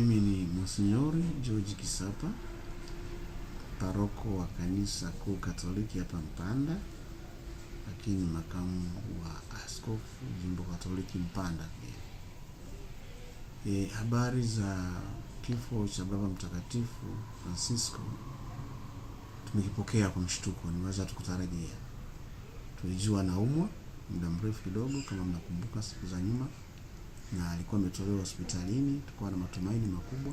Mimi ni Monsinyori George Kisapa, paroko wa kanisa kuu Katoliki hapa Mpanda, lakini makamu wa askofu jimbo Katoliki Mpanda pia. E, habari za kifo cha Baba Mtakatifu Francisco tumekipokea kwa mshtuko, niwaza tukutarajia. Tulijua naumwa muda mrefu kidogo, kama mnakumbuka siku za nyuma na alikuwa ametolewa hospitalini. tukawa na matumaini makubwa,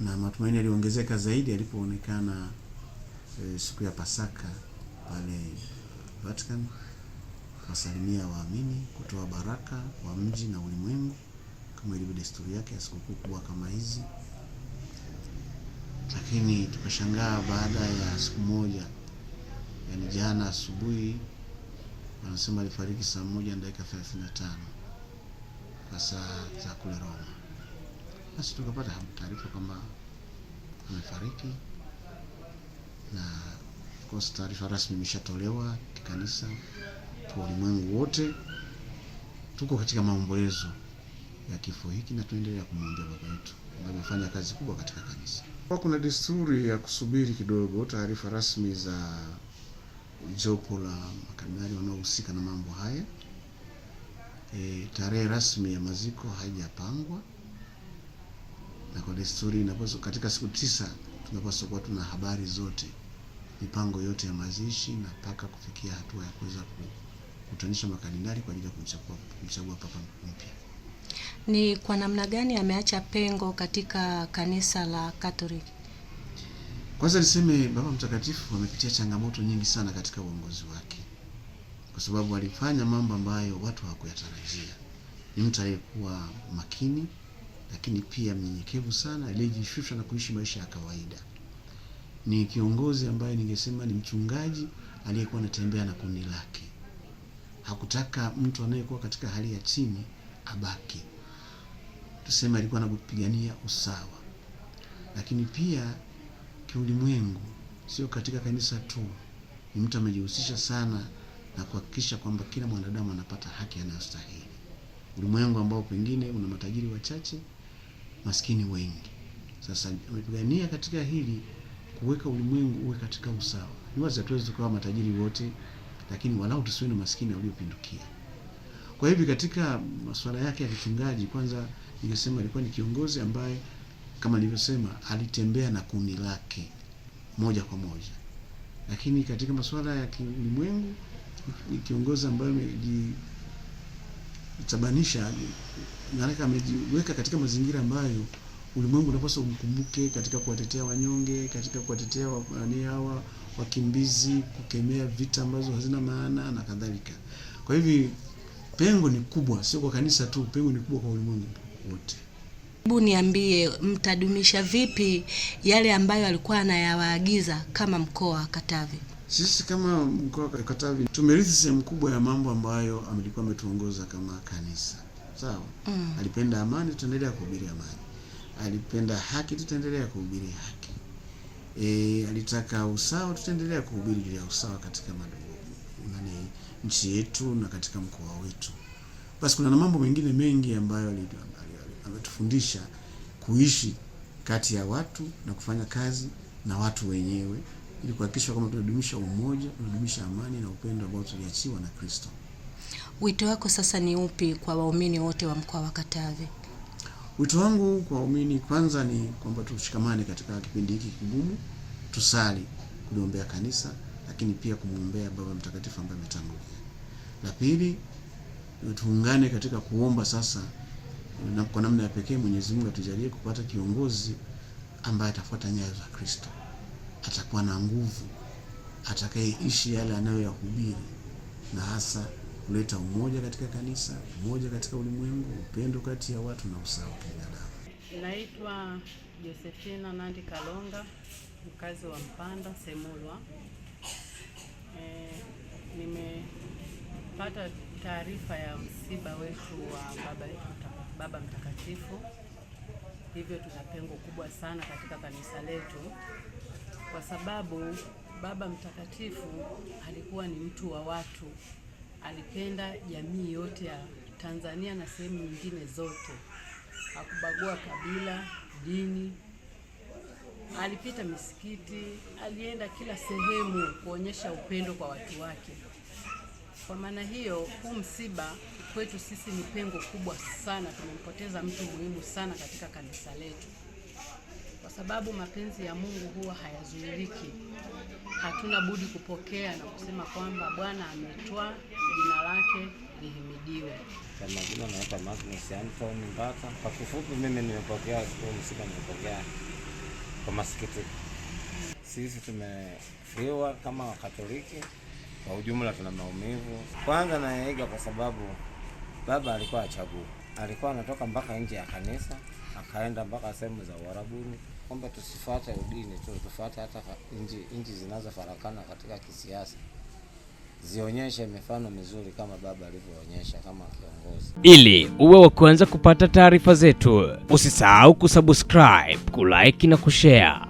na matumaini yaliongezeka zaidi alipoonekana e, eh, siku ya Pasaka pale Vatican kuwasalimia waamini, kutoa baraka kwa mji na ulimwengu kama ilivyo desturi yake ya sikukuu kubwa kama hizi. Lakini tukashangaa baada ya siku moja, yani jana asubuhi, wanasema alifariki saa moja na dakika thelathini na tano kutoka saa za kule Roma. Basi tukapata taarifa kwamba amefariki, na of taarifa rasmi imeshatolewa kikanisa kwa ulimwengu wote. Tuko katika maombolezo ya kifo hiki na tuendelea kumwombea baba yetu ambaye amefanya kazi kubwa katika kanisa. Kwa kuna desturi ya kusubiri kidogo taarifa rasmi za jopo la makardinali wanaohusika na mambo haya. E, tarehe rasmi ya maziko haijapangwa, na kwa desturi inapaswa katika siku tisa tunapaswa kuwa tuna habari zote, mipango yote ya mazishi na mpaka kufikia hatua ya kuweza kukutanisha makardinali kwa ajili ya kumchagua kumchagua papa mpya. Ni kwa namna gani ameacha pengo katika kanisa la Katoliki? Kwanza niseme Baba Mtakatifu amepitia changamoto nyingi sana katika uongozi wake kwa sababu alifanya mambo ambayo watu hawakuyatarajia. Ni mtu aliyekuwa makini, lakini pia mnyenyekevu sana, aliyejishusha na kuishi maisha ya kawaida. Ni kiongozi ambaye ningesema ni mchungaji aliyekuwa anatembea na kundi lake. Hakutaka mtu anayekuwa katika hali ya chini abaki, tuseme alikuwa anapigania usawa. Lakini pia kiulimwengu, sio katika kanisa tu, ni mtu amejihusisha sana na kuhakikisha kwamba kila mwanadamu anapata haki anayostahili. Ulimwengu ambao pengine una matajiri wachache, maskini wengi. Sasa amepigania katika hili kuweka ulimwengu uwe katika usawa. Ni wazi hatuwezi tukawa matajiri wote, lakini walau tusiwe na maskini waliopindukia. Kwa hivyo katika masuala yake ya kichungaji, kwanza ningesema alikuwa ni kiongozi ambaye kama nilivyosema, alitembea na kundi lake moja kwa moja lakini katika masuala ya kiulimwengu ni kiongozi ambaye amejitabanisha, maanake amejiweka katika mazingira ambayo ulimwengu unapaswa umkumbuke katika kuwatetea wanyonge, katika kuwatetea wani hawa wakimbizi, kukemea vita ambazo hazina maana na kadhalika. Kwa hivi pengo ni kubwa, sio kwa kanisa tu, pengo ni kubwa kwa ulimwengu wote. Hebu niambie mtadumisha vipi yale ambayo alikuwa anayawaagiza kama mkoa wa Katavi? Sisi kama mkoa wa Katavi tumerithi sehemu kubwa ya mambo ambayo alikuwa ametuongoza kama kanisa. Sawa? Mm. Alipenda amani, tutaendelea kuhubiri amani. Alipenda haki, tutaendelea kuhubiri haki. E, alitaka usawa, tutaendelea kuhubiri juu ya usawa katika nani nchi yetu na katika mkoa wetu. Basi kuna na mambo mengine mengi ambayo alituambia ametufundisha kuishi kati ya watu na kufanya kazi na watu wenyewe ili kuhakikisha kwamba tunadumisha umoja, tunadumisha amani na upendo ambao tuliachiwa na Kristo. Wito wako sasa ni upi kwa waumini wote wa mkoa wa Katavi? Wito wangu kwa waumini kwanza ni kwamba tushikamane katika kipindi hiki kigumu, tusali kuliombea kanisa, lakini pia kumwombea Baba Mtakatifu ambaye ametangulia. La pili, tuungane katika kuomba sasa na kwa namna ya pekee Mwenyezi Mungu atujalie kupata kiongozi ambaye atafuata nyayo za Kristo, atakuwa na nguvu, atakayeishi yale anayoyahubiri, na hasa kuleta umoja katika kanisa, umoja katika ulimwengu, upendo kati ya watu na usawa kwa binadamu. Naitwa Josephina Nandi Kalonga, mkazi wa Mpanda Semulwa. E, nimepata taarifa ya msiba wetu wa baba Baba Mtakatifu. Hivyo tuna pengo kubwa sana katika kanisa letu, kwa sababu Baba Mtakatifu alikuwa ni mtu wa watu, alipenda jamii yote ya Tanzania na sehemu nyingine zote, hakubagua kabila, dini alipita misikiti, alienda kila sehemu kuonyesha upendo kwa watu wake. Kwa maana hiyo, huu msiba kwetu sisi ni pengo kubwa sana. Tumempoteza mtu muhimu sana katika kanisa letu, kwa sababu mapenzi ya Mungu huwa hayazuiliki. Hatuna budi kupokea na kusema kwamba Bwana ametoa, jina lake lihimidiwe. Kwa majina naitwa Magnus Anton Mbaka. Kwa kifupi, mimi nimepokea msiba, nimepokea kwa masikitiko. Sisi tumefiwa kama Wakatoliki kwa ujumla, tuna maumivu. Kwanza nayaiga kwa sababu baba alikuwa achagua, alikuwa anatoka mpaka nje ya kanisa, akaenda mpaka sehemu za Uarabuni, kwamba tusifuate udini tu, tufuate hata nchi zinazofarakana katika kisiasa zionyeshe mifano mizuri kama baba alivyoonyesha kama kiongozi. Ili uwe wa kwanza kupata taarifa zetu, usisahau kusubscribe, kulike na kushare.